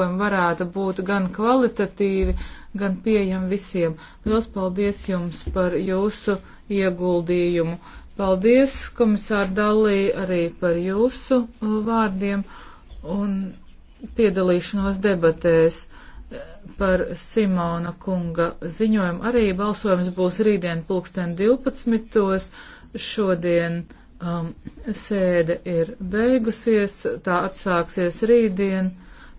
pakalpojumi varētu būt gan kvalitatīvi, gan pieejami visiem. Liels paldies jums par jūsu ieguldījumu. Paldies, komisār Dallī, arī par jūsu uh, vārdiem un piedalīšanos debatēs uh, par Simona kunga ziņojumu. Arī balsojums būs rītdien pulksten 12. Šodien um, sēde ir beigusies, tā atsāksies rītdien.